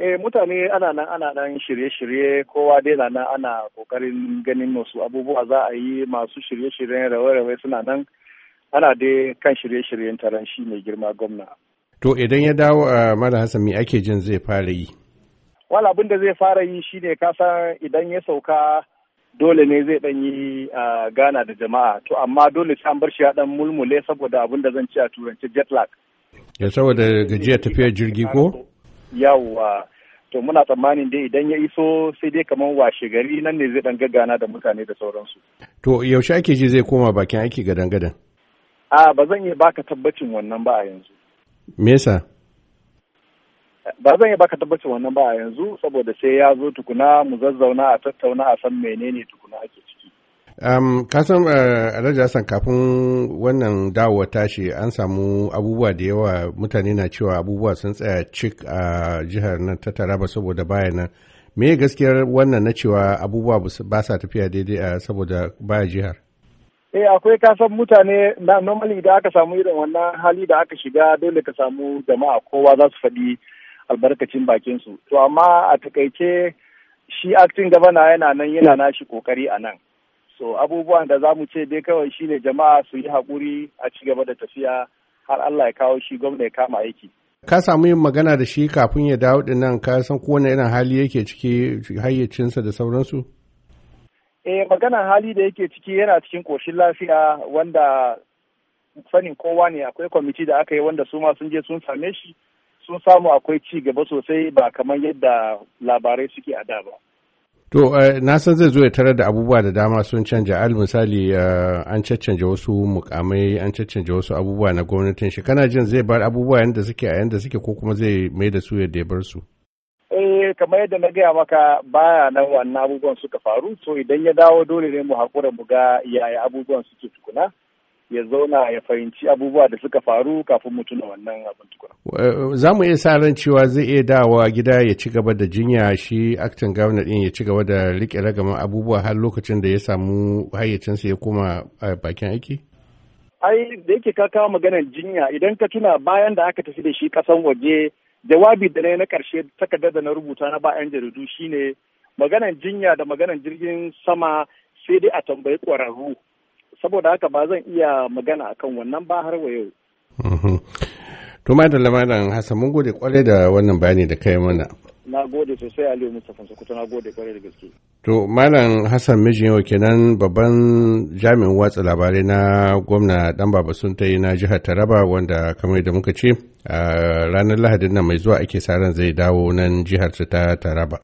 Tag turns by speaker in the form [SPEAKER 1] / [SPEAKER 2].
[SPEAKER 1] Eh mutane ana nan ana nan shirye-shirye kowa dai na nan ana kokarin ganin wasu abubuwa za a yi masu shirye-shiryen rawa rawe suna nan ana dai kan shirye-shiryen taron shi mai girma gwamna.
[SPEAKER 2] To idan ya dawo a mara Hassan mai ake jin zai fara yi?
[SPEAKER 1] Wala abin da zai fara yi shine kasa idan ya sauka dole ne zai dan yi a gana da jama'a to amma dole sai an bar shi ya dan mulmule saboda abin da zan ci a turanci jet lag.
[SPEAKER 2] Ya saboda gajiyar tafiyar jirgi ko?
[SPEAKER 1] yawwa to muna tsammanin dai idan ya iso sai dai kamar washe gari nan ne zai dan gaggana da mutane da sauransu
[SPEAKER 2] to yaushe ake ji zai koma bakin aiki ga dangadan?
[SPEAKER 1] a ba zan yi baka tabbacin wannan ba a yanzu me yasa ba zan yi baka tabbacin wannan ba a yanzu saboda sai ya zo tukuna mu zazzauna a tattauna a san menene tukuna ake ci
[SPEAKER 2] Um, kasan uh, eh, Alhaji Hassan kafin wannan dawowa tashi an samu abubuwa da yawa mutane na cewa abubuwa sun tsaya cik a jihar nan ta taraba saboda baya nan. Me gaskiyar wannan na cewa abubuwa ba sa tafiya daidai a eh, saboda baya jihar?
[SPEAKER 1] Eh akwai kasan mutane na normally da aka samu irin wannan hali da aka shiga dole ka samu jama'a kowa za su faɗi albarkacin bakinsu. To amma a takaice shi acting governor yana nan yana nashi kokari a nan. so abubuwan da za mu ce dai kawai shine jama'a su yi haƙuri a ci gaba da tafiya har Allah ya kawo shi gwamna ya kama aiki
[SPEAKER 2] ka samu yin magana da shi kafin ya dawo din nan ka san kowane irin hali yake ciki hayyacinsa da sauransu
[SPEAKER 1] eh maganar hali da yake ciki yana cikin ƙoshin lafiya wanda sanin kowa ne akwai kwamiti da aka yi wanda su ma sun je sun same shi sun samu akwai ci gaba sosai ba kamar yadda labarai suke a da ba
[SPEAKER 2] To, eh, na san zai zo ya tarar da abubuwa da dama sun canja. Al misali, eh, an caccanja wasu mukamai, an caccanja wasu abubuwa na gwamnatin shi. Kana jin zai bar abubuwa yadda suke a yadda suke ko kuma zai mai da su yadda ya bar su?
[SPEAKER 1] Eh, kamar yadda na gaya maka baya nan wannan abubuwan suka faru, so idan ya dawo dole ne mu haƙura mu ga yaya abubuwan suke tukuna. ya zauna ya fahimci abubuwa da suka faru kafin mu tuna wannan abin
[SPEAKER 2] tukuna. Za mu iya sa ran cewa zai iya dawa gida ya ci gaba da jinya shi aktin gwamna din ya ci gaba da rike ragaman abubuwa har lokacin da ya samu hayyacinsa ya koma bakin aiki?
[SPEAKER 1] Ai da yake ka kawo maganar jinya idan ka tuna bayan da aka tafi da shi kasan waje jawabi da na na karshe takardar da na rubuta na bayan jaridu shine maganar jinya da maganar jirgin sama sai dai a tambayi ƙwararru saboda haka ba zan iya magana akan wannan ba har wa yau
[SPEAKER 2] mhm. to madalla malam hassan mun gode kwarai da wannan bayani da kai mana
[SPEAKER 1] na gode sosai aliyu mustapha sokoto na gode kwarai da gaske
[SPEAKER 2] to malam hassan mijin kenan babban jami'in watsa labarai na gwamna dan baba sun ta yi na jihar taraba wanda kamar da muka ce a ranar lahadin nan mai zuwa ake sa ran zai dawo nan jihar ta taraba